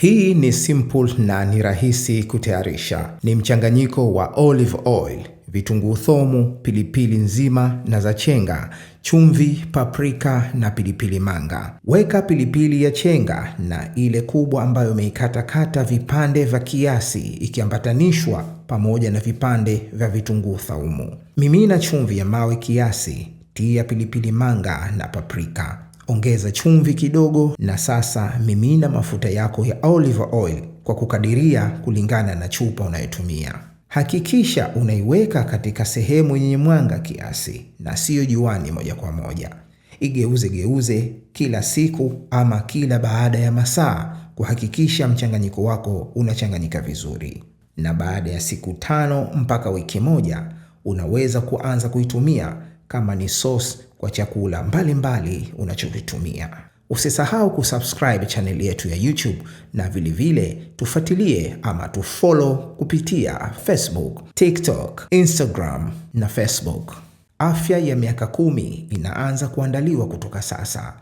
Hii ni simple na ni rahisi kutayarisha. Ni mchanganyiko wa olive oil, vitunguu thomu, pilipili nzima na za chenga, chumvi, paprika na pilipili manga. Weka pilipili ya chenga na ile kubwa ambayo umeikatakata vipande vya kiasi ikiambatanishwa pamoja na vipande vya vitunguu thaumu. Mimina chumvi ya mawe kiasi, tia pilipili manga na paprika ongeza chumvi kidogo, na sasa mimina mafuta yako ya olive oil kwa kukadiria kulingana na chupa unayotumia. Hakikisha unaiweka katika sehemu yenye mwanga kiasi na siyo juani moja kwa moja. Igeuze geuze kila siku ama kila baada ya masaa kuhakikisha mchanganyiko wako unachanganyika vizuri. Na baada ya siku tano mpaka wiki moja unaweza kuanza kuitumia kama ni source kwa chakula mbalimbali unachokitumia. Usisahau kusubscribe chaneli yetu ya YouTube na vilevile tufuatilie ama tufollow kupitia Facebook, TikTok, Instagram na Facebook. Afya ya miaka kumi inaanza kuandaliwa kutoka sasa.